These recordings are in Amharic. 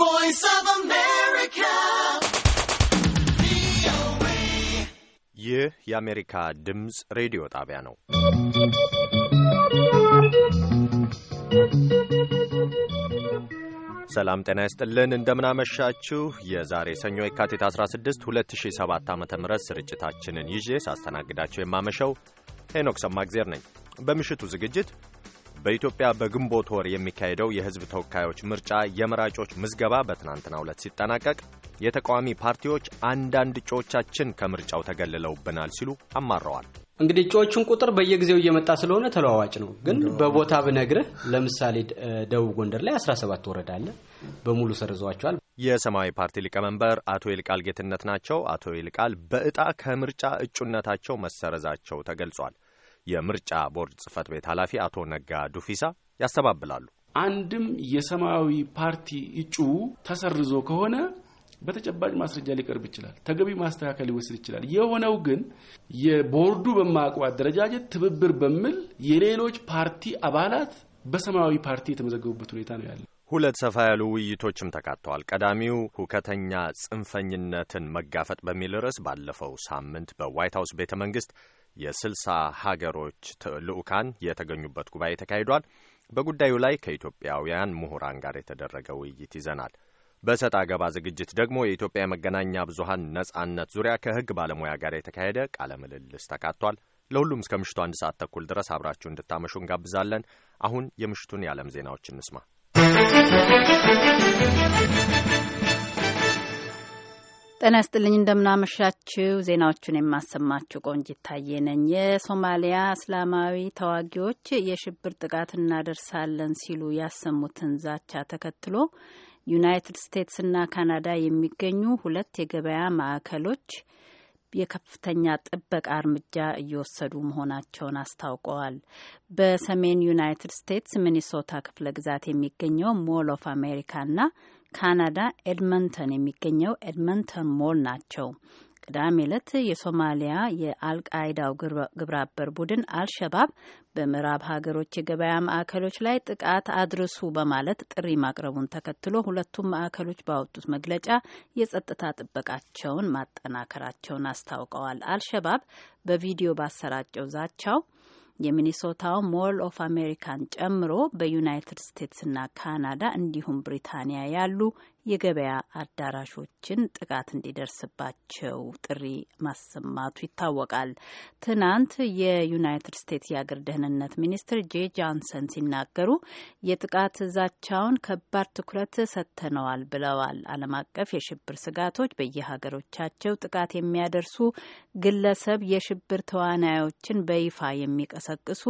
voice of America. ይህ የአሜሪካ ድምፅ ሬዲዮ ጣቢያ ነው። ሰላም ጤና ይስጥልን። እንደምናመሻችሁ የዛሬ ሰኞ የካቲት 16 2007 ዓ ም ስርጭታችንን ይዤ ሳስተናግዳችሁ የማመሸው ሄኖክ ሰማግዜር ነኝ። በምሽቱ ዝግጅት በኢትዮጵያ በግንቦት ወር የሚካሄደው የህዝብ ተወካዮች ምርጫ የመራጮች ምዝገባ በትናንትናው ዕለት ሲጠናቀቅ የተቃዋሚ ፓርቲዎች አንዳንድ እጩዎቻችን ከምርጫው ተገልለውብናል ሲሉ አማረዋል። እንግዲህ እጩዎቹን ቁጥር በየጊዜው እየመጣ ስለሆነ ተለዋዋጭ ነው። ግን በቦታ ብነግርህ ለምሳሌ ደቡብ ጎንደር ላይ 17 ወረዳ አለ፣ በሙሉ ሰርዘዋቸዋል። የሰማያዊ ፓርቲ ሊቀመንበር አቶ ይልቃል ጌትነት ናቸው። አቶ ይልቃል በእጣ ከምርጫ እጩነታቸው መሰረዛቸው ተገልጿል። የምርጫ ቦርድ ጽህፈት ቤት ኃላፊ አቶ ነጋ ዱፊሳ ያስተባብላሉ። አንድም የሰማያዊ ፓርቲ እጩ ተሰርዞ ከሆነ በተጨባጭ ማስረጃ ሊቀርብ ይችላል። ተገቢ ማስተካከል ሊወስድ ይችላል። የሆነው ግን የቦርዱ በማያውቀው አደረጃጀት ትብብር በሚል የሌሎች ፓርቲ አባላት በሰማያዊ ፓርቲ የተመዘገቡበት ሁኔታ ነው ያለ። ሁለት ሰፋ ያሉ ውይይቶችም ተካተዋል። ቀዳሚው ሁከተኛ ጽንፈኝነትን መጋፈጥ በሚል ርዕስ ባለፈው ሳምንት በዋይት ሀውስ ቤተ መንግስት የስልሳ ሀገሮች ልዑካን የተገኙበት ጉባኤ ተካሂዷል። በጉዳዩ ላይ ከኢትዮጵያውያን ምሁራን ጋር የተደረገ ውይይት ይዘናል። በሰጥ አገባ ዝግጅት ደግሞ የኢትዮጵያ የመገናኛ ብዙሀን ነጻነት ዙሪያ ከህግ ባለሙያ ጋር የተካሄደ ቃለ ምልልስ ተካቷል። ለሁሉም እስከ ምሽቱ አንድ ሰዓት ተኩል ድረስ አብራችሁ እንድታመሹ እንጋብዛለን። አሁን የምሽቱን የዓለም ዜናዎች እንስማ። ጤና ይስጥልኝ። እንደምናመሻችው ዜናዎቹን የማሰማችው ቆንጅ ታዬ ነኝ። የሶማሊያ እስላማዊ ተዋጊዎች የሽብር ጥቃት እናደርሳለን ሲሉ ያሰሙትን ዛቻ ተከትሎ ዩናይትድ ስቴትስና ካናዳ የሚገኙ ሁለት የገበያ ማዕከሎች የከፍተኛ ጥበቃ እርምጃ እየወሰዱ መሆናቸውን አስታውቀዋል። በሰሜን ዩናይትድ ስቴትስ ሚኒሶታ ክፍለ ግዛት የሚገኘው ሞል ኦፍ አሜሪካና ካናዳ ኤድመንተን የሚገኘው ኤድመንተን ሞል ናቸው። ቅዳሜ ዕለት የሶማሊያ የአልቃይዳው ግብረአበር ቡድን አልሸባብ በምዕራብ ሀገሮች የገበያ ማዕከሎች ላይ ጥቃት አድርሱ በማለት ጥሪ ማቅረቡን ተከትሎ ሁለቱም ማዕከሎች ባወጡት መግለጫ የጸጥታ ጥበቃቸውን ማጠናከራቸውን አስታውቀዋል። አልሸባብ በቪዲዮ ባሰራጨው ዛቻው የሚኒሶታው ሞል ኦፍ አሜሪካን ጨምሮ በዩናይትድ ስቴትስና ካናዳ እንዲሁም ብሪታንያ ያሉ የገበያ አዳራሾችን ጥቃት እንዲደርስባቸው ጥሪ ማሰማቱ ይታወቃል። ትናንት የዩናይትድ ስቴትስ የአገር ደህንነት ሚኒስትር ጄ ጃንሰን ሲናገሩ የጥቃት ዛቻውን ከባድ ትኩረት ሰጥተነዋል ብለዋል። ዓለም አቀፍ የሽብር ስጋቶች በየሀገሮቻቸው ጥቃት የሚያደርሱ ግለሰብ የሽብር ተዋናዮችን በይፋ የሚቀሰቅሱ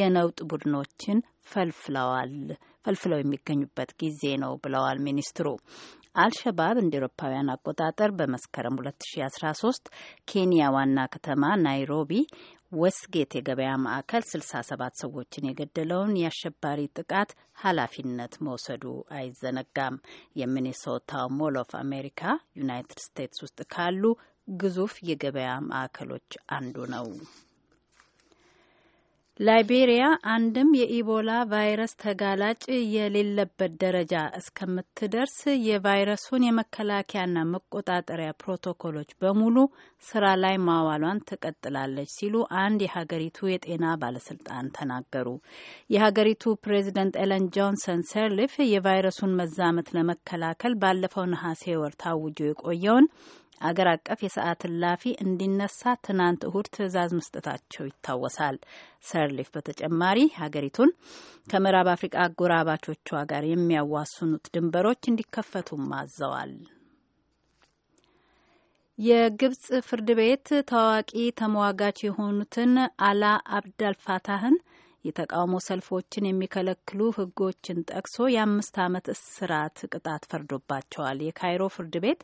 የነውጥ ቡድኖችን ፈልፍለዋል ፈልፍለው የሚገኙበት ጊዜ ነው ብለዋል ሚኒስትሩ። አልሸባብ እንደ ኤሮፓውያን አቆጣጠር በመስከረም 2013 ኬንያ ዋና ከተማ ናይሮቢ ወስጌት የገበያ ማዕከል 67 ሰዎችን የገደለውን የአሸባሪ ጥቃት ኃላፊነት መውሰዱ አይዘነጋም። የሚኒሶታው ሞል ኦፍ አሜሪካ ዩናይትድ ስቴትስ ውስጥ ካሉ ግዙፍ የገበያ ማዕከሎች አንዱ ነው። ላይቤሪያ አንድም የኢቦላ ቫይረስ ተጋላጭ የሌለበት ደረጃ እስከምትደርስ የቫይረሱን የመከላከያና መቆጣጠሪያ ፕሮቶኮሎች በሙሉ ስራ ላይ ማዋሏን ትቀጥላለች ሲሉ አንድ የሀገሪቱ የጤና ባለስልጣን ተናገሩ። የሀገሪቱ ፕሬዚደንት ኤለን ጆንሰን ሰርሊፍ የቫይረሱን መዛመት ለመከላከል ባለፈው ነሐሴ ወር ታውጆ የቆየውን አገር አቀፍ የሰዓት እላፊ እንዲነሳ ትናንት እሁድ ትዕዛዝ መስጠታቸው ይታወሳል። ሰርሊፍ በተጨማሪ ሀገሪቱን ከምዕራብ አፍሪቃ አጎራባቾቿ ጋር የሚያዋስኑት ድንበሮች እንዲከፈቱም አዘዋል። የግብጽ ፍርድ ቤት ታዋቂ ተሟጋች የሆኑትን አላ አብዳልፋታህን የተቃውሞ ሰልፎችን የሚከለክሉ ሕጎችን ጠቅሶ የአምስት ዓመት እስራት ቅጣት ፈርዶባቸዋል። የካይሮ ፍርድ ቤት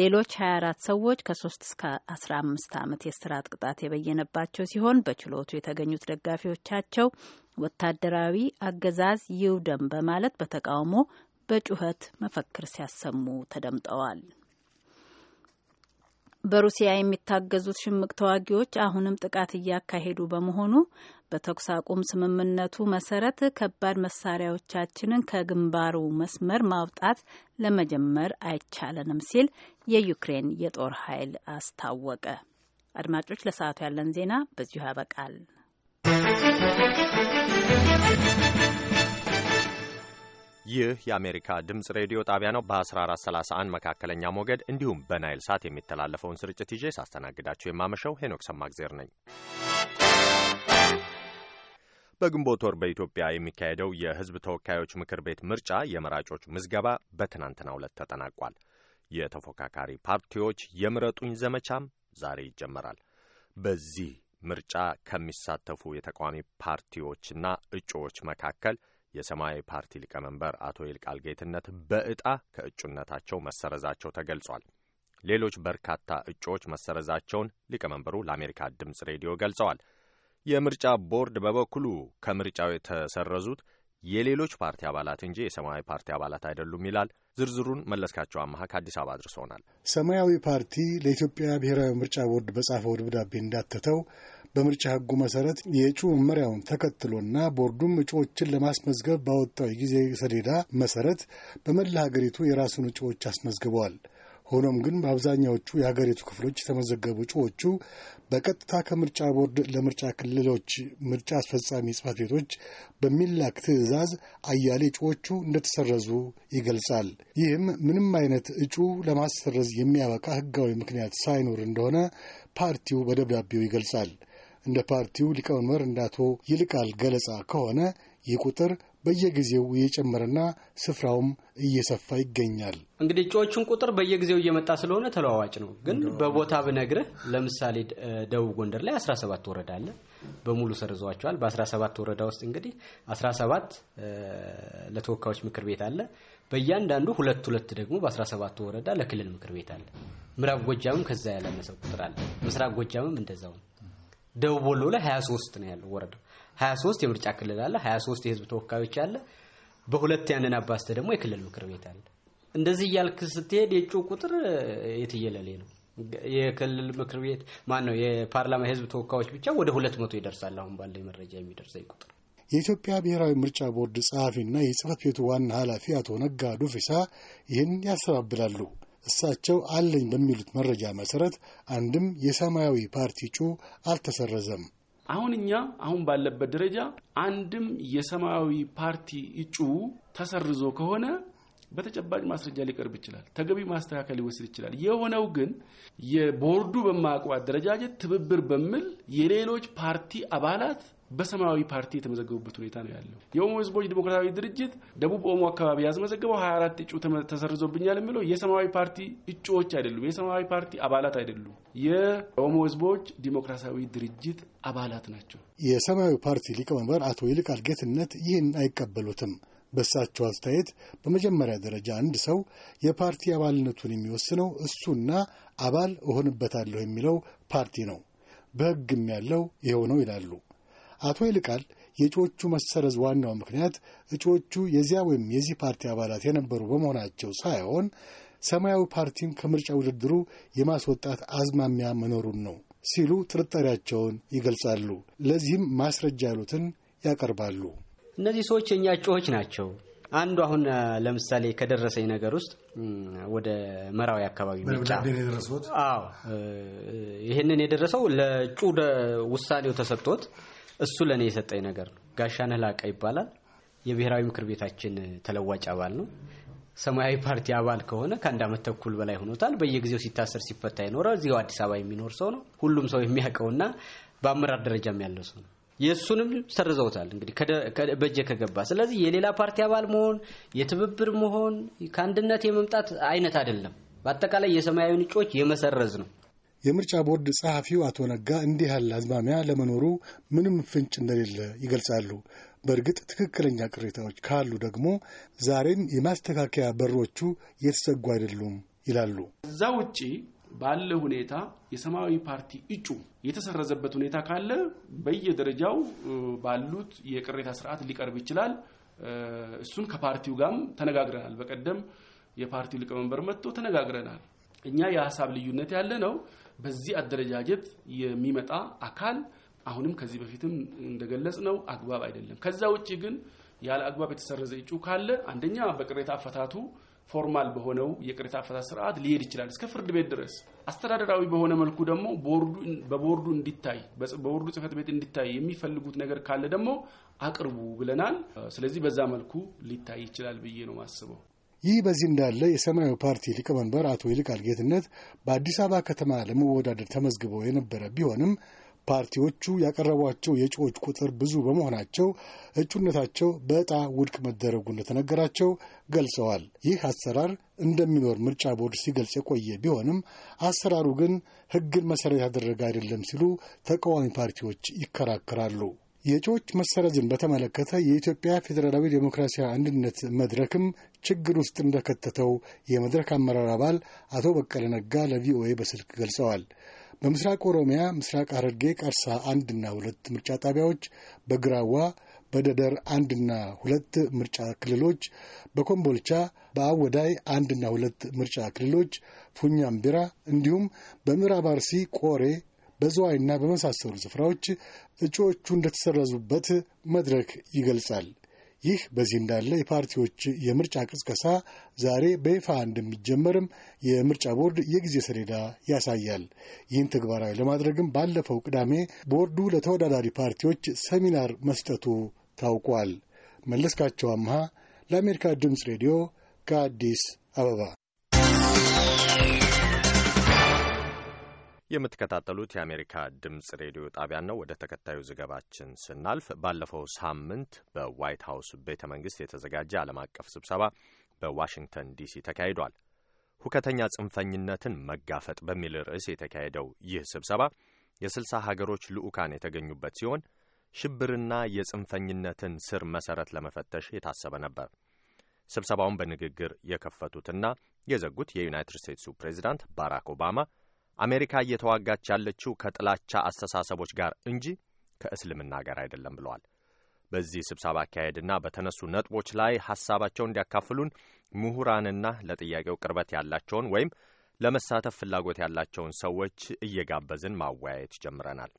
ሌሎች 24 ሰዎች ከ3 እስከ 15 ዓመት የስራት ቅጣት የበየነባቸው ሲሆን በችሎቱ የተገኙት ደጋፊዎቻቸው ወታደራዊ አገዛዝ ይውደም በማለት በተቃውሞ በጩኸት መፈክር ሲያሰሙ ተደምጠዋል። በሩሲያ የሚታገዙት ሽምቅ ተዋጊዎች አሁንም ጥቃት እያካሄዱ በመሆኑ በተኩስ አቁም ስምምነቱ መሰረት ከባድ መሳሪያዎቻችንን ከግንባሩ መስመር ማውጣት ለመጀመር አይቻለንም ሲል የዩክሬን የጦር ኃይል አስታወቀ። አድማጮች፣ ለሰዓቱ ያለን ዜና በዚሁ ያበቃል። ይህ የአሜሪካ ድምፅ ሬዲዮ ጣቢያ ነው። በ1431 መካከለኛ ሞገድ እንዲሁም በናይል ሳት የሚተላለፈውን ስርጭት ይዤ ሳስተናግዳችሁ የማመሸው ሄኖክ ሰማግዜር ነኝ። በግንቦት ወር በኢትዮጵያ የሚካሄደው የሕዝብ ተወካዮች ምክር ቤት ምርጫ የመራጮች ምዝገባ በትናንትናው ዕለት ተጠናቋል። የተፎካካሪ ፓርቲዎች የምረጡኝ ዘመቻም ዛሬ ይጀመራል። በዚህ ምርጫ ከሚሳተፉ የተቃዋሚ ፓርቲዎችና እጩዎች መካከል የሰማያዊ ፓርቲ ሊቀመንበር አቶ ይልቃል ጌትነት በእጣ ከእጩነታቸው መሰረዛቸው ተገልጿል። ሌሎች በርካታ እጩዎች መሰረዛቸውን ሊቀመንበሩ ለአሜሪካ ድምፅ ሬዲዮ ገልጸዋል። የምርጫ ቦርድ በበኩሉ ከምርጫው የተሰረዙት የሌሎች ፓርቲ አባላት እንጂ የሰማያዊ ፓርቲ አባላት አይደሉም ይላል። ዝርዝሩን መለስካቸው አመሀ ከአዲስ አበባ አድርሶናል። ሰማያዊ ፓርቲ ለኢትዮጵያ ብሔራዊ ምርጫ ቦርድ በጻፈው ደብዳቤ እንዳተተው በምርጫ ህጉ መሰረት የእጩ መመሪያውን ተከትሎና ቦርዱም እጩዎችን ለማስመዝገብ ባወጣው የጊዜ ሰሌዳ መሰረት በመላ ሀገሪቱ የራሱን እጩዎች አስመዝግበዋል። ሆኖም ግን በአብዛኛዎቹ የሀገሪቱ ክፍሎች የተመዘገቡ እጩዎቹ በቀጥታ ከምርጫ ቦርድ ለምርጫ ክልሎች ምርጫ አስፈጻሚ ጽሕፈት ቤቶች በሚላክ ትዕዛዝ አያሌ እጩዎቹ እንደተሰረዙ ይገልጻል። ይህም ምንም አይነት እጩ ለማሰረዝ የሚያበቃ ህጋዊ ምክንያት ሳይኖር እንደሆነ ፓርቲው በደብዳቤው ይገልጻል። እንደ ፓርቲው ሊቀመንበር እንደ ይልቃል ገለጻ ከሆነ ይህ ቁጥር በየጊዜው እየጨመረና ስፍራውም እየሰፋ ይገኛል። እንግዲህ እጩዎቹን ቁጥር በየጊዜው እየመጣ ስለሆነ ተለዋዋጭ ነው። ግን በቦታ ብነግርህ ለምሳሌ ደቡብ ጎንደር ላይ 17 ወረዳ አለ። በሙሉ ሰርዘዋቸዋል። በ17 ወረዳ ውስጥ እንግዲህ 17 ለተወካዮች ምክር ቤት አለ። በእያንዳንዱ ሁለት ሁለት ደግሞ በ17 ወረዳ ለክልል ምክር ቤት አለ። ምዕራብ ጎጃምም ከዛ ያላነሰው ቁጥር አለ። ምስራቅ ጎጃምም እንደዛውም ደቡብ ወሎ ላይ 23 ነው ያለው ወረዳ 23 የምርጫ ክልል አለ 23 የህዝብ ተወካዮች አለ በሁለት ያንን አባስተ ደግሞ የክልል ምክር ቤት አለ እንደዚህ እያልክ ስትሄድ የእጩ ቁጥር የትየለሌ ነው የክልል ምክር ቤት ማን ነው የፓርላማ የህዝብ ተወካዮች ብቻ ወደ ሁለት መቶ ይደርሳል አሁን ባለ መረጃ የሚደርሰኝ ቁጥር የኢትዮጵያ ብሔራዊ ምርጫ ቦርድ ጸሐፊና የጽህፈት ቤቱ ዋና ኃላፊ አቶ ነጋ ዱፊሳ ይህን ያስተባብላሉ እሳቸው አለኝ በሚሉት መረጃ መሰረት አንድም የሰማያዊ ፓርቲ እጩ አልተሰረዘም። አሁን እኛ አሁን ባለበት ደረጃ አንድም የሰማያዊ ፓርቲ እጩ ተሰርዞ ከሆነ በተጨባጭ ማስረጃ ሊቀርብ ይችላል። ተገቢ ማስተካከል ሊወስድ ይችላል። የሆነው ግን የቦርዱ በማያውቀው አደረጃጀት ትብብር በሚል የሌሎች ፓርቲ አባላት በሰማያዊ ፓርቲ የተመዘገቡበት ሁኔታ ነው ያለው። የኦሞ ህዝቦች ዲሞክራሲያዊ ድርጅት ደቡብ ኦሞ አካባቢ ያስመዘገበው 24 እጩ ተሰርዞብኛል የሚለው የሰማያዊ ፓርቲ እጩዎች አይደሉም፣ የሰማያዊ ፓርቲ አባላት አይደሉም። የኦሞ ህዝቦች ዲሞክራሲያዊ ድርጅት አባላት ናቸው። የሰማያዊ ፓርቲ ሊቀመንበር አቶ ይልቃል ጌትነት ይህን አይቀበሉትም። በእሳቸው አስተያየት በመጀመሪያ ደረጃ አንድ ሰው የፓርቲ አባልነቱን የሚወስነው እሱና አባል እሆንበታለሁ የሚለው ፓርቲ ነው፣ በህግም ያለው ይኸው ነው ይላሉ። አቶ ይልቃል የእጩዎቹ መሰረዝ ዋናው ምክንያት እጩዎቹ የዚያ ወይም የዚህ ፓርቲ አባላት የነበሩ በመሆናቸው ሳይሆን ሰማያዊ ፓርቲን ከምርጫ ውድድሩ የማስወጣት አዝማሚያ መኖሩን ነው ሲሉ ጥርጣሬያቸውን ይገልጻሉ። ለዚህም ማስረጃ ያሉትን ያቀርባሉ። እነዚህ ሰዎች የእኛ እጩዎች ናቸው። አንዱ አሁን ለምሳሌ ከደረሰኝ ነገር ውስጥ ወደ መራዊ አካባቢ ይህንን የደረሰው ለእጩ ውሳኔው ተሰጥቶት እሱ ለእኔ የሰጠኝ ነገር ነው። ጋሻነህ ላቀ ይባላል። የብሔራዊ ምክር ቤታችን ተለዋጭ አባል ነው። ሰማያዊ ፓርቲ አባል ከሆነ ከአንድ አመት ተኩል በላይ ሆኖታል። በየጊዜው ሲታሰር ሲፈታ የኖረ እዚሁ አዲስ አበባ የሚኖር ሰው ነው። ሁሉም ሰው የሚያውቀውና በአመራር ደረጃም ያለው ሰው ነው። የእሱንም ሰርዘውታል እንግዲህ በእጄ ከገባ። ስለዚህ የሌላ ፓርቲ አባል መሆን የትብብር መሆን ከአንድነት የመምጣት አይነት አይደለም። በአጠቃላይ የሰማያዊ ንጮች የመሰረዝ ነው። የምርጫ ቦርድ ጸሐፊው አቶ ነጋ እንዲህ ያለ አዝማሚያ ለመኖሩ ምንም ፍንጭ እንደሌለ ይገልጻሉ። በእርግጥ ትክክለኛ ቅሬታዎች ካሉ ደግሞ ዛሬም የማስተካከያ በሮቹ የተዘጉ አይደሉም ይላሉ። እዛ ውጪ ባለ ሁኔታ የሰማያዊ ፓርቲ እጩ የተሰረዘበት ሁኔታ ካለ በየደረጃው ባሉት የቅሬታ ስርዓት ሊቀርብ ይችላል። እሱን ከፓርቲው ጋርም ተነጋግረናል። በቀደም የፓርቲው ሊቀመንበር መጥቶ ተነጋግረናል። እኛ የሀሳብ ልዩነት ያለ ነው በዚህ አደረጃጀት የሚመጣ አካል አሁንም ከዚህ በፊትም እንደገለጽ ነው አግባብ አይደለም። ከዛ ውጭ ግን ያለ አግባብ የተሰረዘ እጩ ካለ አንደኛ በቅሬታ አፈታቱ ፎርማል በሆነው የቅሬታ አፈታት ስርዓት ሊሄድ ይችላል እስከ ፍርድ ቤት ድረስ። አስተዳደራዊ በሆነ መልኩ ደግሞ በቦርዱ እንዲታይ በቦርዱ ጽህፈት ቤት እንዲታይ የሚፈልጉት ነገር ካለ ደግሞ አቅርቡ ብለናል። ስለዚህ በዛ መልኩ ሊታይ ይችላል ብዬ ነው ማስበው። ይህ በዚህ እንዳለ የሰማያዊ ፓርቲ ሊቀመንበር አቶ ይልቃል ጌትነት በአዲስ አበባ ከተማ ለመወዳደር ተመዝግበው የነበረ ቢሆንም ፓርቲዎቹ ያቀረቧቸው የእጩዎች ቁጥር ብዙ በመሆናቸው እጩነታቸው በዕጣ ውድቅ መደረጉ እንደተነገራቸው ገልጸዋል። ይህ አሰራር እንደሚኖር ምርጫ ቦርድ ሲገልጽ የቆየ ቢሆንም አሰራሩ ግን ሕግን መሠረት ያደረገ አይደለም ሲሉ ተቃዋሚ ፓርቲዎች ይከራከራሉ። የእጩዎች መሰረዝን በተመለከተ የኢትዮጵያ ፌዴራላዊ ዴሞክራሲያዊ አንድነት መድረክም ችግር ውስጥ እንደከተተው የመድረክ አመራር አባል አቶ በቀለ ነጋ ለቪኦኤ በስልክ ገልጸዋል። በምስራቅ ኦሮሚያ ምስራቅ ሐረርጌ ቀርሳ አንድና ሁለት ምርጫ ጣቢያዎች፣ በግራዋ በደደር አንድና ሁለት ምርጫ ክልሎች፣ በኮምቦልቻ በአወዳይ አንድና ሁለት ምርጫ ክልሎች፣ ፉኛምቢራ እንዲሁም በምዕራብ አርሲ ቆሬ በዝዋይና በመሳሰሉ ስፍራዎች እጩዎቹ እንደተሰረዙበት መድረክ ይገልጻል። ይህ በዚህ እንዳለ የፓርቲዎች የምርጫ ቅስቀሳ ዛሬ በይፋ እንደሚጀመርም የምርጫ ቦርድ የጊዜ ሰሌዳ ያሳያል። ይህን ተግባራዊ ለማድረግም ባለፈው ቅዳሜ ቦርዱ ለተወዳዳሪ ፓርቲዎች ሰሚናር መስጠቱ ታውቋል። መለስካቸው አምሃ ለአሜሪካ ድምፅ ሬዲዮ ከአዲስ አበባ የምትከታተሉት የአሜሪካ ድምፅ ሬዲዮ ጣቢያን ነው። ወደ ተከታዩ ዘገባችን ስናልፍ ባለፈው ሳምንት በዋይት ሀውስ ቤተ መንግስት የተዘጋጀ ዓለም አቀፍ ስብሰባ በዋሽንግተን ዲሲ ተካሂዷል። ሁከተኛ ጽንፈኝነትን መጋፈጥ በሚል ርዕስ የተካሄደው ይህ ስብሰባ የስልሳ ሀገሮች ልዑካን የተገኙበት ሲሆን ሽብርና የጽንፈኝነትን ስር መሰረት ለመፈተሽ የታሰበ ነበር። ስብሰባውን በንግግር የከፈቱትና የዘጉት የዩናይትድ ስቴትሱ ፕሬዚዳንት ባራክ ኦባማ አሜሪካ እየተዋጋች ያለችው ከጥላቻ አስተሳሰቦች ጋር እንጂ ከእስልምና ጋር አይደለም ብለዋል። በዚህ ስብሰባ አካሄድና በተነሱ ነጥቦች ላይ ሀሳባቸውን እንዲያካፍሉን ምሁራንና ለጥያቄው ቅርበት ያላቸውን ወይም ለመሳተፍ ፍላጎት ያላቸውን ሰዎች እየጋበዝን ማወያየት ጀምረናል።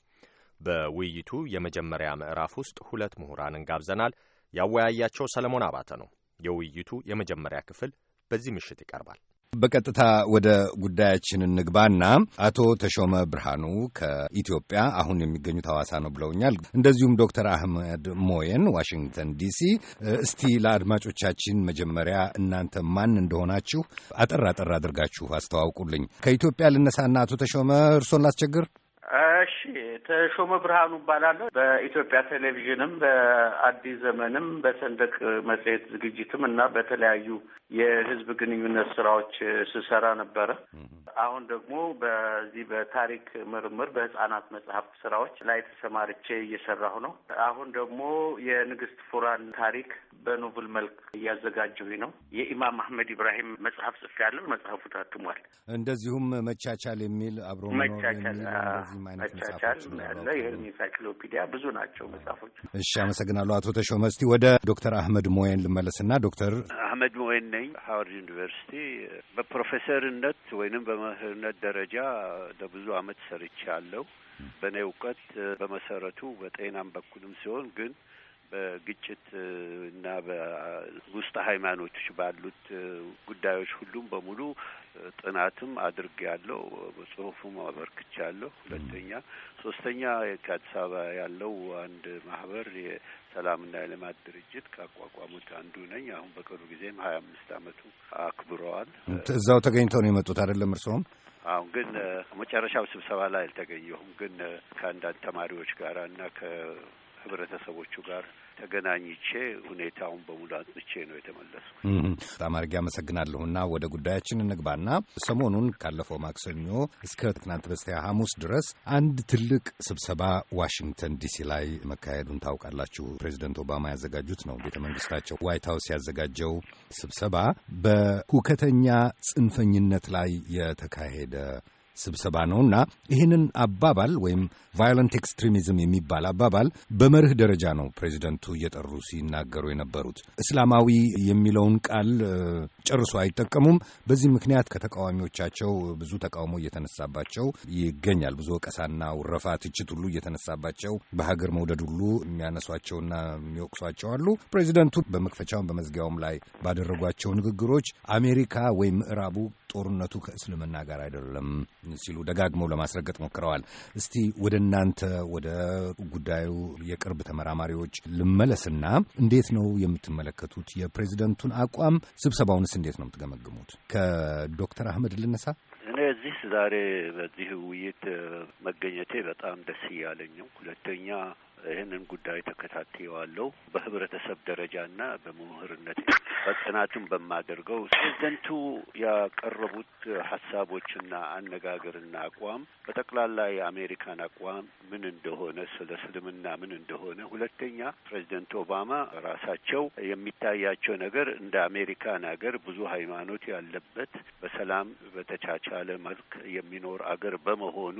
በውይይቱ የመጀመሪያ ምዕራፍ ውስጥ ሁለት ምሁራንን ጋብዘናል። ያወያያቸው ሰለሞን አባተ ነው። የውይይቱ የመጀመሪያ ክፍል በዚህ ምሽት ይቀርባል። በቀጥታ ወደ ጉዳያችን እንግባና አቶ ተሾመ ብርሃኑ ከኢትዮጵያ አሁን የሚገኙት ሐዋሳ ነው ብለውኛል። እንደዚሁም ዶክተር አህመድ ሞየን ዋሽንግተን ዲሲ። እስቲ ለአድማጮቻችን መጀመሪያ እናንተ ማን እንደሆናችሁ አጠር አጠር አድርጋችሁ አስተዋውቁልኝ። ከኢትዮጵያ ልነሳና አቶ ተሾመ እርሶን ላስቸግር። እሺ ተሾመ ብርሃኑ እባላለሁ። በኢትዮጵያ ቴሌቪዥንም በአዲስ ዘመንም በሰንደቅ መጽሔት ዝግጅትም እና በተለያዩ የሕዝብ ግንኙነት ስራዎች ስሰራ ነበረ። አሁን ደግሞ በዚህ በታሪክ ምርምር በህጻናት መጽሐፍት ስራዎች ላይ ተሰማርቼ እየሰራሁ ነው። አሁን ደግሞ የንግስት ፉራን ታሪክ በኖቭል መልክ እያዘጋጀሁኝ ነው። የኢማም አህመድ ኢብራሂም መጽሐፍ ጽፌያለሁ። መጽሐፉ ታትሟል። እንደዚሁም መቻቻል የሚል አብሮ መቻቻል መቻቻል ያለ የህልም ኢንሳይክሎፒዲያ ብዙ ናቸው መጽሐፎች። እሺ፣ አመሰግናለሁ አቶ ተሾመ። እስቲ ወደ ዶክተር አህመድ ሞየን ልመለስና ዶክተር አህመድ ሞየን ነኝ ሀዋርድ ዩኒቨርሲቲ በፕሮፌሰርነት ወይንም በመምህርነት ደረጃ ለብዙ አመት ሰርቻለሁ። በእኔ እውቀት በመሰረቱ በጤናም በኩልም ሲሆን ግን በግጭት እና በውስጥ ሃይማኖቶች ባሉት ጉዳዮች ሁሉም በሙሉ ጥናትም አድርጌያለሁ፣ ጽሁፉም አበርክቻለሁ። ሁለተኛ ሶስተኛ ከአዲስ አበባ ያለው አንድ ማህበር የሰላምና የልማት ድርጅት ካቋቋሙት አንዱ ነኝ። አሁን በቅርቡ ጊዜም ሀያ አምስት አመቱ አክብረዋል። እዛው ተገኝተው ነው የመጡት አይደለም እርስዎም? አሁን ግን መጨረሻው ስብሰባ ላይ አልተገኘሁም፣ ግን ከአንዳንድ ተማሪዎች ጋር እና ከህብረተሰቦቹ ጋር ተገናኝቼ ሁኔታውን በሙሉ አጥንቼ ነው የተመለስኩ። በጣም አድርጌ አመሰግናለሁና ወደ ጉዳያችን እንግባና ሰሞኑን ካለፈው ማክሰኞ እስከ ትናንት በስቲያ ሐሙስ ድረስ አንድ ትልቅ ስብሰባ ዋሽንግተን ዲሲ ላይ መካሄዱን ታውቃላችሁ። ፕሬዚደንት ኦባማ ያዘጋጁት ነው። ቤተ መንግስታቸው ዋይት ሀውስ ያዘጋጀው ስብሰባ በሁከተኛ ጽንፈኝነት ላይ የተካሄደ ስብሰባ ነውና ይህንን አባባል ወይም ቫዮለንት ኤክስትሪሚዝም የሚባል አባባል በመርህ ደረጃ ነው ፕሬዚደንቱ እየጠሩ ሲናገሩ የነበሩት። እስላማዊ የሚለውን ቃል ጨርሶ አይጠቀሙም። በዚህ ምክንያት ከተቃዋሚዎቻቸው ብዙ ተቃውሞ እየተነሳባቸው ይገኛል። ብዙ ወቀሳና ውረፋ፣ ትችት ሁሉ እየተነሳባቸው በሀገር መውደድ ሁሉ የሚያነሷቸውና የሚወቅሷቸው አሉ። ፕሬዚደንቱ በመክፈቻውም በመዝጊያውም ላይ ባደረጓቸው ንግግሮች አሜሪካ ወይም ምዕራቡ ጦርነቱ ከእስልምና ጋር አይደለም ሲሉ ደጋግመው ለማስረገጥ ሞክረዋል። እስቲ ወደ እናንተ ወደ ጉዳዩ የቅርብ ተመራማሪዎች ልመለስና እንዴት ነው የምትመለከቱት የፕሬዚደንቱን አቋም? ስብሰባውንስ እንዴት ነው የምትገመግሙት? ከዶክተር አህመድ ልነሳ። እኔ እዚህ ዛሬ በዚህ ውይይት መገኘቴ በጣም ደስ እያለኝ ነው። ሁለተኛ ይህንን ጉዳይ ተከታትየዋለሁ በህብረተሰብ ደረጃና በመምህርነት በጥናትም በማደርገው ፕሬዚደንቱ ያቀረቡት ሀሳቦችና አነጋገርና አቋም በጠቅላላ የአሜሪካን አቋም ምን እንደሆነ ስለ እስልምና ምን እንደሆነ፣ ሁለተኛ ፕሬዝደንት ኦባማ ራሳቸው የሚታያቸው ነገር እንደ አሜሪካን ሀገር ብዙ ሃይማኖት ያለበት በሰላም በተቻቻለ መልክ የሚኖር አገር በመሆኑ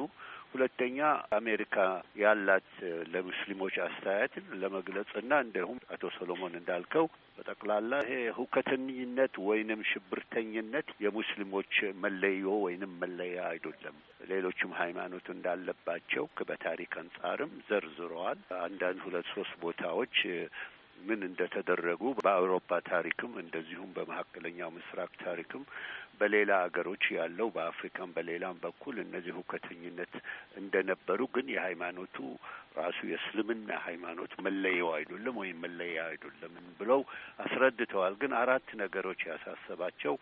ሁለተኛ አሜሪካ ያላት ለሙስሊሞች አስተያየትን ለመግለጽና እንዲሁም አቶ ሰሎሞን እንዳልከው በጠቅላላ ይሄ ሁከተኝነት ወይንም ሽብርተኝነት የሙስሊሞች መለዮ ወይንም መለያ አይደለም። ሌሎችም ሃይማኖት እንዳለባቸው በታሪክ አንጻርም ዘርዝረዋል። አንዳንድ ሁለት ሶስት ቦታዎች ምን እንደተደረጉ በአውሮፓ ታሪክም እንደዚሁም በመካከለኛው ምስራቅ ታሪክም በሌላ ሀገሮች ያለው በአፍሪካም በሌላም በኩል እነዚህ ሁከተኝነት እንደነበሩ ግን የሃይማኖቱ ራሱ የእስልምና ሃይማኖት መለየው አይደለም ወይም መለያ አይደለም ብለው አስረድተዋል። ግን አራት ነገሮች ያሳሰባቸው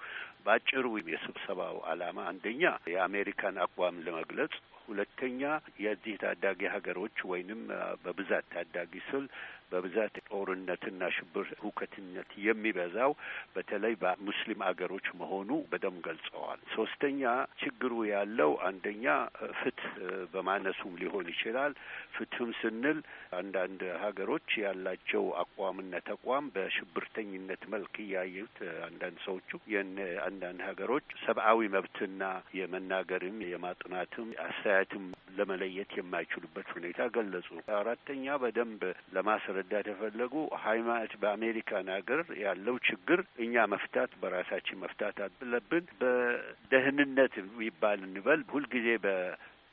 በአጭሩ የስብሰባው ዓላማ አንደኛ የአሜሪካን አቋም ለመግለጽ ሁለተኛ የዚህ ታዳጊ ሀገሮች ወይንም በብዛት ታዳጊ ስል በብዛት ጦርነትና ሽብር ሁከትነት የሚበዛው በተለይ በሙስሊም አገሮች መሆኑ በደም ገልጸዋል። ሶስተኛ ችግሩ ያለው አንደኛ ፍትህ በማነሱም ሊሆን ይችላል። ፍትህም ስንል አንዳንድ ሀገሮች ያላቸው አቋምና ተቋም በሽብርተኝነት መልክ እያዩት አንዳንድ ሰዎቹ የነ አንዳንድ ሀገሮች ሰብአዊ መብትና የመናገርም የማጥናትም አስተያየትም ለመለየት የማይችሉበት ሁኔታ ገለጹ። አራተኛ በደንብ ለማስረዳት የፈለጉ ሃይማኖት በአሜሪካን ሀገር ያለው ችግር እኛ መፍታት በራሳችን መፍታት አለብን። በደህንነት ይባል እንበል ሁልጊዜ በ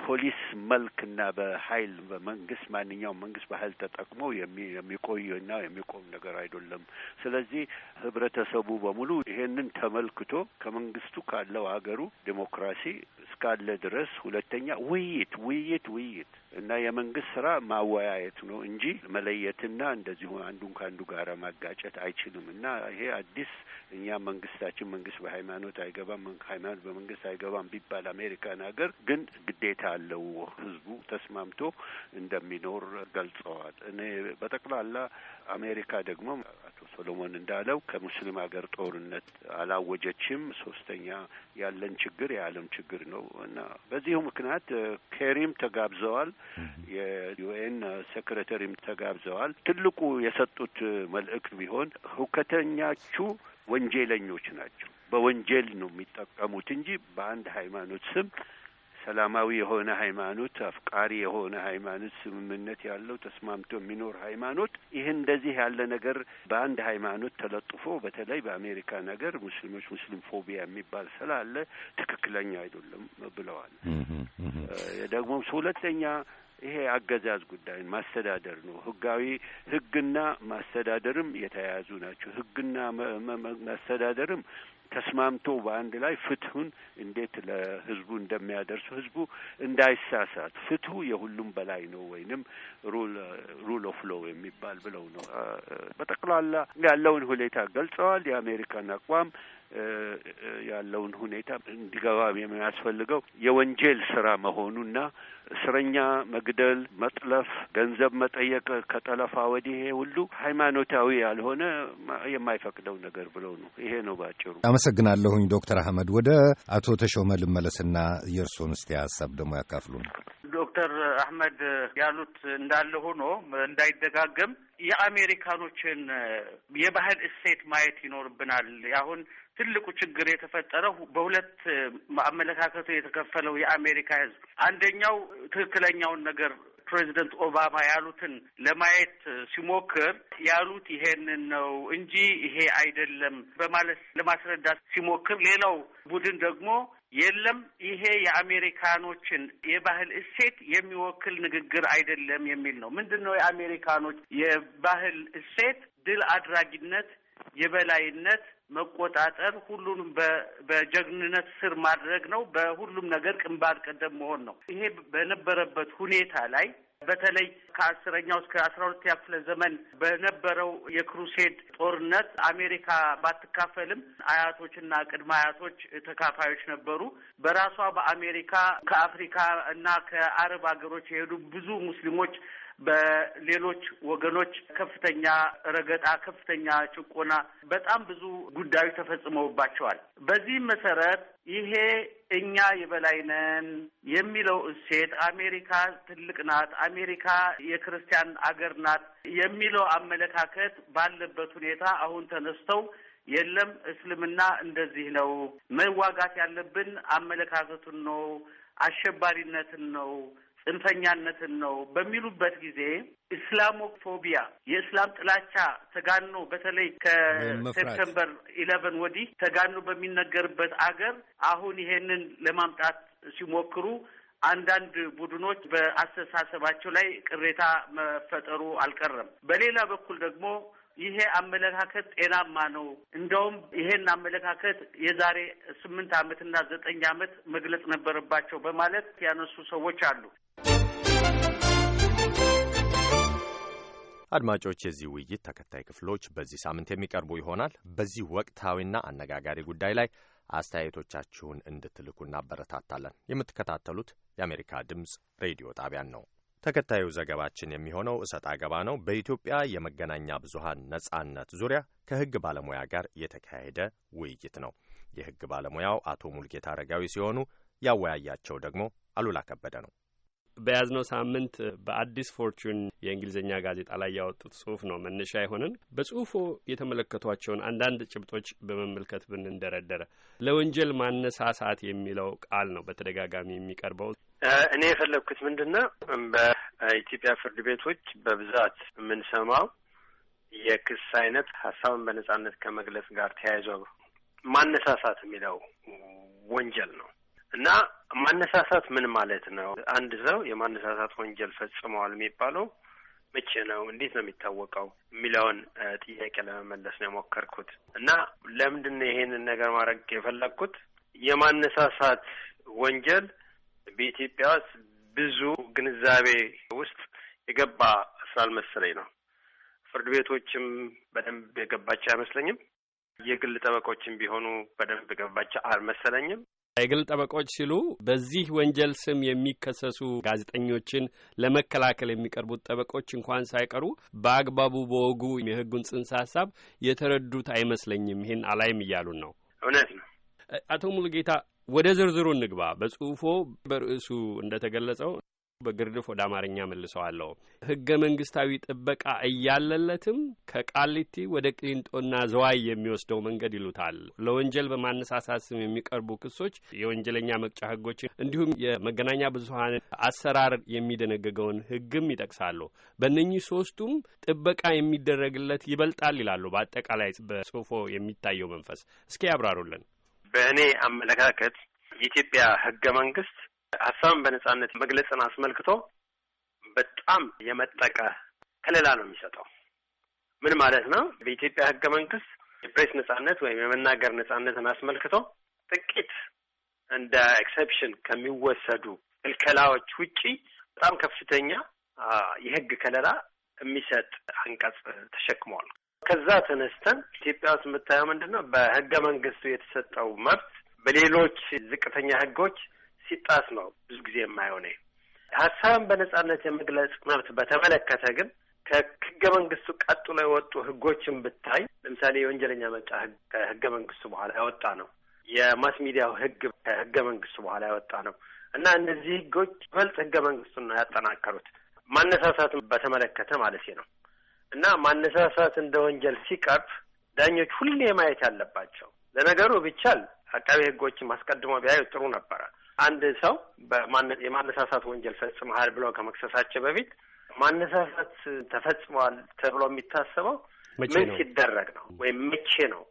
ፖሊስ መልክና በኃይል በመንግስት ማንኛውም መንግስት በኃይል ተጠቅሞ የሚቆይና የሚቆም ነገር አይደለም። ስለዚህ ህብረተሰቡ በሙሉ ይሄንን ተመልክቶ ከመንግስቱ ካለው ሀገሩ ዴሞክራሲ እስካለ ድረስ ሁለተኛ ውይይት ውይይት ውይይት እና የመንግስት ስራ ማወያየት ነው እንጂ መለየትና እንደዚሁ አንዱን ከአንዱ ጋር ማጋጨት አይችልም። እና ይሄ አዲስ እኛ መንግስታችን መንግስት በሃይማኖት አይገባም፣ ሃይማኖት በመንግስት አይገባም ቢባል አሜሪካን ሀገር ግን ግዴታ አለው ህዝቡ ተስማምቶ እንደሚኖር ገልጸዋል። እኔ በጠቅላላ አሜሪካ ደግሞ ሶሎሞን እንዳለው ከሙስሊም ሀገር ጦርነት አላወጀችም። ሶስተኛ ያለን ችግር የዓለም ችግር ነው እና በዚሁ ምክንያት ኬሪም ተጋብዘዋል፣ የዩኤን ሴክሬተሪም ተጋብዘዋል። ትልቁ የሰጡት መልእክት ቢሆን ሁከተኛቹ ወንጀለኞች ናቸው፣ በወንጀል ነው የሚጠቀሙት እንጂ በአንድ ሃይማኖት ስም ሰላማዊ የሆነ ሃይማኖት፣ አፍቃሪ የሆነ ሃይማኖት፣ ስምምነት ያለው ተስማምቶ የሚኖር ሃይማኖት ይህ እንደዚህ ያለ ነገር በአንድ ሃይማኖት ተለጥፎ በተለይ በአሜሪካ ነገር ሙስሊሞች ሙስሊም ፎቢያ የሚባል ስላለ ትክክለኛ አይደለም ብለዋል። ደግሞም ሁለተኛ ይሄ አገዛዝ ጉዳይ ማስተዳደር ነው። ህጋዊ ህግና ማስተዳደርም የተያያዙ ናቸው። ህግና ማስተዳደርም ተስማምቶ በአንድ ላይ ፍትሁን እንዴት ለህዝቡ እንደሚያደርሱ ህዝቡ እንዳይሳሳት ፍትሁ የሁሉም በላይ ነው ወይንም ሩል ኦፍ ሎው የሚባል ብለው ነው በጠቅላላ ያለውን ሁኔታ ገልጸዋል። የአሜሪካን አቋም ያለውን ሁኔታ እንዲገባ የሚያስፈልገው የወንጀል ስራ መሆኑና እስረኛ መግደል፣ መጥለፍ፣ ገንዘብ መጠየቅ ከጠለፋ ወዲህ ይሄ ሁሉ ሃይማኖታዊ ያልሆነ የማይፈቅደው ነገር ብለው ነው። ይሄ ነው ባጭሩ። አመሰግናለሁኝ ዶክተር አህመድ። ወደ አቶ ተሾመ ልመለስና የእርስዎን እስቲ ሀሳብ ደግሞ ያካፍሉን። ዶክተር አህመድ ያሉት እንዳለ ሆኖ እንዳይደጋገም የአሜሪካኖችን የባህል እሴት ማየት ይኖርብናል። አሁን ትልቁ ችግር የተፈጠረው በሁለት አመለካከቱ የተከፈለው የአሜሪካ ህዝብ አንደኛው ትክክለኛውን ነገር ፕሬዚደንት ኦባማ ያሉትን ለማየት ሲሞክር ያሉት ይሄንን ነው እንጂ ይሄ አይደለም በማለት ለማስረዳት ሲሞክር፣ ሌላው ቡድን ደግሞ የለም ይሄ የአሜሪካኖችን የባህል እሴት የሚወክል ንግግር አይደለም የሚል ነው። ምንድን ነው የአሜሪካኖች የባህል እሴት? ድል አድራጊነት፣ የበላይነት መቆጣጠር፣ ሁሉንም በጀግንነት ስር ማድረግ ነው። በሁሉም ነገር ግንባር ቀደም መሆን ነው። ይሄ በነበረበት ሁኔታ ላይ በተለይ ከአስረኛው እስከ አስራ ሁለተኛ ክፍለ ዘመን በነበረው የክሩሴድ ጦርነት አሜሪካ ባትካፈልም አያቶችና ቅድመ አያቶች ተካፋዮች ነበሩ። በራሷ በአሜሪካ ከአፍሪካ እና ከአረብ ሀገሮች የሄዱ ብዙ ሙስሊሞች በሌሎች ወገኖች ከፍተኛ ረገጣ፣ ከፍተኛ ጭቆና፣ በጣም ብዙ ጉዳዮች ተፈጽመውባቸዋል። በዚህም መሰረት ይሄ እኛ የበላይነን የሚለው እሴት አሜሪካ ትልቅ ናት፣ አሜሪካ የክርስቲያን አገር ናት የሚለው አመለካከት ባለበት ሁኔታ አሁን ተነስተው የለም እስልምና እንደዚህ ነው፣ መዋጋት ያለብን አመለካከቱን ነው፣ አሸባሪነትን ነው ጽንፈኛነትን ነው በሚሉበት ጊዜ ኢስላሞፎቢያ የእስላም ጥላቻ ተጋኖ በተለይ ከሴፕተምበር ኢለቨን ወዲህ ተጋኖ በሚነገርበት አገር አሁን ይሄንን ለማምጣት ሲሞክሩ አንዳንድ ቡድኖች በአስተሳሰባቸው ላይ ቅሬታ መፈጠሩ አልቀረም። በሌላ በኩል ደግሞ ይሄ አመለካከት ጤናማ ነው። እንደውም ይሄን አመለካከት የዛሬ ስምንት ዓመትና ዘጠኝ ዓመት መግለጽ ነበረባቸው በማለት ያነሱ ሰዎች አሉ። አድማጮች፣ የዚህ ውይይት ተከታይ ክፍሎች በዚህ ሳምንት የሚቀርቡ ይሆናል። በዚህ ወቅታዊና አነጋጋሪ ጉዳይ ላይ አስተያየቶቻችሁን እንድትልኩ እናበረታታለን። የምትከታተሉት የአሜሪካ ድምፅ ሬዲዮ ጣቢያን ነው። ተከታዩ ዘገባችን የሚሆነው እሰጥ አገባ ነው። በኢትዮጵያ የመገናኛ ብዙሃን ነጻነት ዙሪያ ከህግ ባለሙያ ጋር የተካሄደ ውይይት ነው። የህግ ባለሙያው አቶ ሙልጌታ አረጋዊ ሲሆኑ ያወያያቸው ደግሞ አሉላ ከበደ ነው። በያዝነው ሳምንት በአዲስ ፎርቹን የእንግሊዝኛ ጋዜጣ ላይ ያወጡት ጽሁፍ ነው መነሻ የሆነን። በጽሁፉ የተመለከቷቸውን አንዳንድ ጭብጦች በመመልከት ብንንደረደረ ለወንጀል ማነሳሳት የሚለው ቃል ነው በተደጋጋሚ የሚቀርበው። እኔ የፈለግኩት ምንድን ነው በኢትዮጵያ ፍርድ ቤቶች በብዛት የምንሰማው የክስ አይነት ሀሳብን በነጻነት ከመግለጽ ጋር ተያይዞ ማነሳሳት የሚለው ወንጀል ነው እና ማነሳሳት ምን ማለት ነው? አንድ ሰው የማነሳሳት ወንጀል ፈጽመዋል የሚባለው መቼ ነው? እንዴት ነው የሚታወቀው? የሚለውን ጥያቄ ለመመለስ ነው የሞከርኩት እና ለምንድን ነው ይሄንን ነገር ማድረግ የፈለግኩት የማነሳሳት ወንጀል በኢትዮጵያ ውስጥ ብዙ ግንዛቤ ውስጥ የገባ ስላልመሰለኝ ነው። ፍርድ ቤቶችም በደንብ የገባቸው አይመስለኝም። የግል ጠበቆችም ቢሆኑ በደንብ የገባቸው አልመሰለኝም። የግል ጠበቆች ሲሉ በዚህ ወንጀል ስም የሚከሰሱ ጋዜጠኞችን ለመከላከል የሚቀርቡት ጠበቆች እንኳን ሳይቀሩ በአግባቡ በወጉ የሕጉን ጽንሰ ሀሳብ የተረዱት አይመስለኝም። ይህን አላይም እያሉን ነው። እውነት ነው። አቶ ሙሉጌታ ወደ ዝርዝሩ እንግባ። በጽሁፎ በርዕሱ እንደተገለጸው በግርድፍ ወደ አማርኛ መልሰዋለሁ። ህገ መንግስታዊ ጥበቃ እያለለትም ከቃሊቲ ወደ ቅሊንጦና ዘዋይ የሚወስደው መንገድ ይሉታል። ለወንጀል በማነሳሳት ስም የሚቀርቡ ክሶች የወንጀለኛ መቅጫ ህጎችን እንዲሁም የመገናኛ ብዙሀንን አሰራር የሚደነገገውን ህግም ይጠቅሳሉ። በእነኚህ ሶስቱም ጥበቃ የሚደረግለት ይበልጣል ይላሉ። በአጠቃላይ በጽሁፎ የሚታየው መንፈስ እስኪ ያብራሩልን። በእኔ አመለካከት የኢትዮጵያ ህገ መንግስት ሀሳብን በነጻነት መግለጽን አስመልክቶ በጣም የመጠቀ ከለላ ነው የሚሰጠው። ምን ማለት ነው? በኢትዮጵያ ህገ መንግስት የፕሬስ ነጻነት ወይም የመናገር ነጻነትን አስመልክቶ ጥቂት እንደ ኤክሰፕሽን ከሚወሰዱ ክልከላዎች ውጪ በጣም ከፍተኛ የህግ ከለላ የሚሰጥ አንቀጽ ተሸክመዋል። ከዛ ተነስተን ኢትዮጵያ ውስጥ የምታየው ምንድን ነው? በህገ መንግስቱ የተሰጠው መብት በሌሎች ዝቅተኛ ህጎች ሲጣስ ነው ብዙ ጊዜ የማይሆነ ሀሳብን በነጻነት የመግለጽ መብት በተመለከተ ግን ከህገ መንግስቱ ቀጥሎ የወጡ ህጎችን ብታይ ለምሳሌ የወንጀለኛ መቅጫ ህግ ከህገ መንግስቱ በኋላ ያወጣ ነው። የማስ ሚዲያው ህግ ከህገ መንግስቱ በኋላ ያወጣ ነው እና እነዚህ ህጎች ይበልጥ ህገ መንግስቱን ነው ያጠናከሩት። ማነሳሳትን በተመለከተ ማለት ነው። እና ማነሳሳት እንደ ወንጀል ሲቀርብ ዳኞች ሁሌ ማየት ያለባቸው ለነገሩ ቢቻል አቃቤ ሕጎችን አስቀድሞ ቢያዩ ጥሩ ነበረ። አንድ ሰው የማነሳሳት ወንጀል ፈጽመሃል ብለው ከመክሰሳቸው በፊት ማነሳሳት ተፈጽመዋል ተብሎ የሚታሰበው ምን ሲደረግ ነው ወይም መቼ ነው?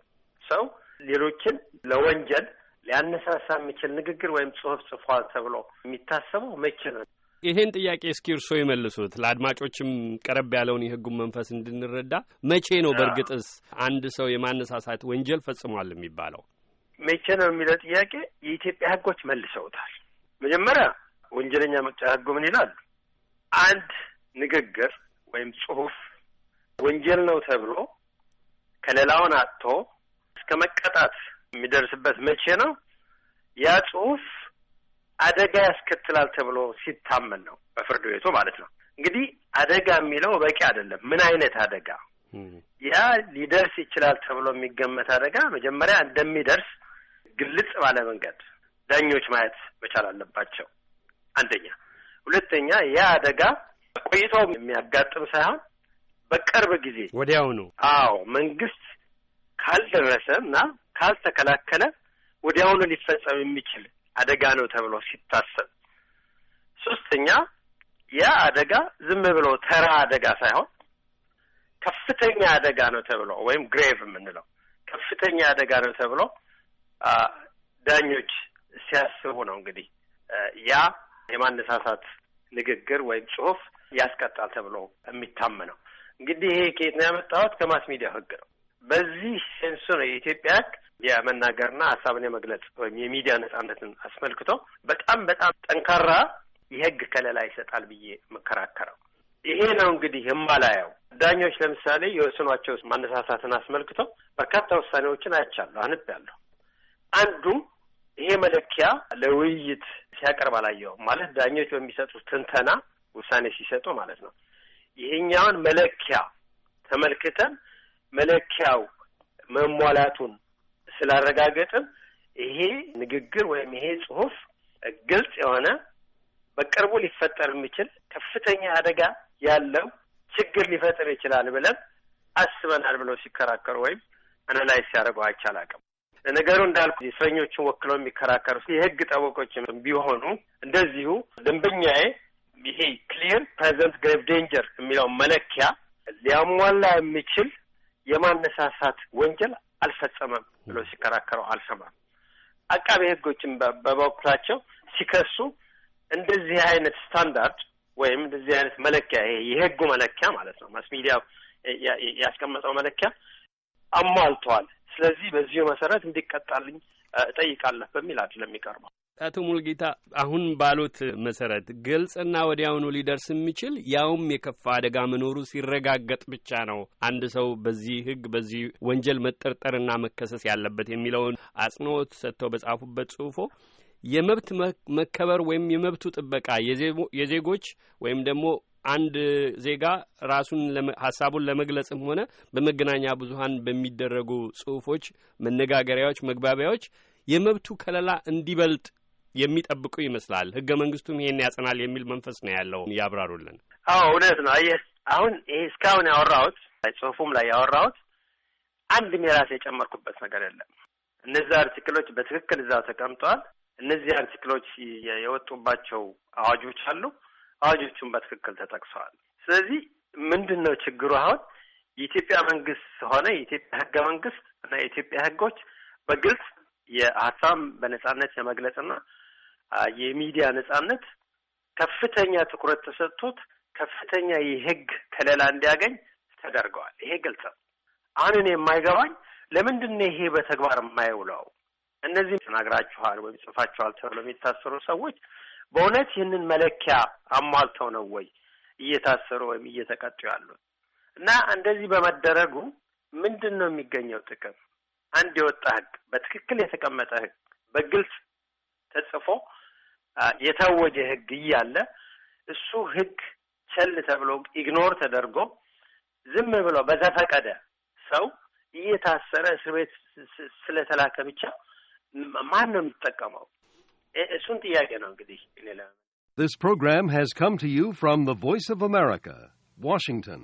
ሰው ሌሎችን ለወንጀል ሊያነሳሳ የሚችል ንግግር ወይም ጽሑፍ ጽፏል ተብሎ የሚታሰበው መቼ ነው? ይሄን ጥያቄ እስኪ እርስዎ ይመልሱት። ለአድማጮችም ቀረብ ያለውን የህጉን መንፈስ እንድንረዳ መቼ ነው በእርግጥስ አንድ ሰው የማነሳሳት ወንጀል ፈጽሟል የሚባለው? መቼ ነው የሚለው ጥያቄ የኢትዮጵያ ህጎች መልሰውታል። መጀመሪያ ወንጀለኛ መቅጫ ህጉ ምን ይላል? አንድ ንግግር ወይም ጽሁፍ ወንጀል ነው ተብሎ ከሌላውን አጥቶ እስከ መቀጣት የሚደርስበት መቼ ነው? ያ ጽሁፍ አደጋ ያስከትላል ተብሎ ሲታመን ነው በፍርድ ቤቱ ማለት ነው። እንግዲህ አደጋ የሚለው በቂ አይደለም። ምን አይነት አደጋ ያ ሊደርስ ይችላል ተብሎ የሚገመት አደጋ መጀመሪያ እንደሚደርስ ግልጽ ባለ መንገድ ዳኞች ማየት መቻል አለባቸው። አንደኛ። ሁለተኛ ያ አደጋ ቆይቶ የሚያጋጥም ሳይሆን በቅርብ ጊዜ ወዲያውኑ። አዎ መንግስት ካልደረሰ እና ካልተከላከለ ወዲያውኑ ሊፈጸም የሚችል አደጋ ነው ተብሎ ሲታሰብ፣ ሶስተኛ ያ አደጋ ዝም ብሎ ተራ አደጋ ሳይሆን ከፍተኛ አደጋ ነው ተብሎ ወይም ግሬቭ የምንለው ከፍተኛ አደጋ ነው ተብሎ ዳኞች ሲያስቡ ነው እንግዲህ ያ የማነሳሳት ንግግር ወይም ጽሁፍ ያስቀጣል ተብሎ የሚታመነው። እንግዲህ ይሄ ከየት ነው ያመጣሁት? ከማስ ሚዲያው ህግ ነው። በዚህ ሴንሱ የኢትዮጵያ የመናገርና ሀሳብን የመግለጽ ወይም የሚዲያ ነጻነትን አስመልክቶ በጣም በጣም ጠንካራ የህግ ከለላ ይሰጣል ብዬ መከራከረው ይሄ ነው። እንግዲህ የማላየው ዳኞች ለምሳሌ የወሰኗቸው ማነሳሳትን አስመልክቶ በርካታ ውሳኔዎችን አይቻለሁ፣ አንብቤያለሁ። አንዱም ይሄ መለኪያ ለውይይት ሲያቀርብ አላየሁም። ማለት ዳኞች በሚሰጡት ትንተና ውሳኔ ሲሰጡ ማለት ነው። ይሄኛውን መለኪያ ተመልክተን መለኪያው መሟላቱን ስላረጋገጥም ይሄ ንግግር ወይም ይሄ ጽሁፍ ግልጽ የሆነ በቅርቡ ሊፈጠር የሚችል ከፍተኛ አደጋ ያለው ችግር ሊፈጥር ይችላል ብለን አስበናል ብለው ሲከራከሩ ወይም አናላይዝ ሲያደርገው አይቻላቅም። ነገሩ እንዳልኩ እስረኞቹን ወክለው የሚከራከሩ የህግ ጠበቆችም ቢሆኑ እንደዚሁ ደንበኛዬ ይሄ ክሊር ፕሬዘንት ግሬቭ ዴንጀር የሚለው መለኪያ ሊያሟላ የሚችል የማነሳሳት ወንጀል አልፈጸመም ብሎ ሲከራከረው አልሰማም። አቃቤ ሕጎችን በበኩላቸው ሲከሱ እንደዚህ አይነት ስታንዳርድ ወይም እንደዚህ አይነት መለኪያ የህጉ መለኪያ ማለት ነው ማስ ሚዲያ ያስቀመጠው መለኪያ አሟልተዋል፣ ስለዚህ በዚሁ መሰረት እንዲቀጣልኝ እጠይቃለሁ በሚል አይደለም የሚቀርበው። አቶ ሙልጌታ አሁን ባሉት መሰረት ግልጽና ወዲያውኑ ሊደርስ የሚችል ያውም የከፋ አደጋ መኖሩ ሲረጋገጥ ብቻ ነው አንድ ሰው በዚህ ህግ በዚህ ወንጀል መጠርጠርና መከሰስ ያለበት የሚለውን አጽንኦት ሰጥተው በጻፉበት ጽሁፎ የመብት መከበር ወይም የመብቱ ጥበቃ የዜጎች ወይም ደግሞ አንድ ዜጋ ራሱን ሀሳቡን ለመግለጽም ሆነ በመገናኛ ብዙሀን በሚደረጉ ጽሁፎች፣ መነጋገሪያዎች፣ መግባቢያዎች የመብቱ ከለላ እንዲበልጥ የሚጠብቁ ይመስላል። ህገ መንግስቱም ይሄን ያጸናል የሚል መንፈስ ነው ያለው። ያብራሩልን። አዎ እውነት ነው። አየህ አሁን ይሄ እስካሁን ያወራሁት ጽሁፉም ላይ ያወራሁት አንድም የራሴ የጨመርኩበት ነገር የለም። እነዚህ አርቲክሎች በትክክል እዛ ተቀምጠዋል። እነዚህ አርቲክሎች የወጡባቸው አዋጆች አሉ። አዋጆቹም በትክክል ተጠቅሰዋል። ስለዚህ ምንድን ነው ችግሩ? አሁን የኢትዮጵያ መንግስት ሆነ የኢትዮጵያ ህገ መንግስት እና የኢትዮጵያ ህጎች በግልጽ የሀሳብ በነጻነት የመግለጽና የሚዲያ ነጻነት ከፍተኛ ትኩረት ተሰጥቶት ከፍተኛ የህግ ከለላ እንዲያገኝ ተደርገዋል። ይሄ ግልጽ ነው። አሁን እኔ የማይገባኝ ለምንድን ነው ይሄ በተግባር የማይውለው? እነዚህ ተናግራችኋል ወይም ጽፋችኋል ተብሎ የሚታሰሩ ሰዎች በእውነት ይህንን መለኪያ አሟልተው ነው ወይ እየታሰሩ ወይም እየተቀጡ ያሉት? እና እንደዚህ በመደረጉ ምንድን ነው የሚገኘው ጥቅም? አንድ የወጣ ህግ፣ በትክክል የተቀመጠ ህግ፣ በግልጽ ተጽፎ የታወጀ ህግ እያለ እሱ ህግ ቸል ተብሎ ኢግኖር ተደርጎ ዝም ብሎ በዘፈቀደ ሰው እየታሰረ እስር ቤት ስለተላከ ብቻ ማን ነው የሚጠቀመው? እሱን ጥያቄ ነው እንግዲህ እኔ ለ This program has come to you from the Voice of America, Washington.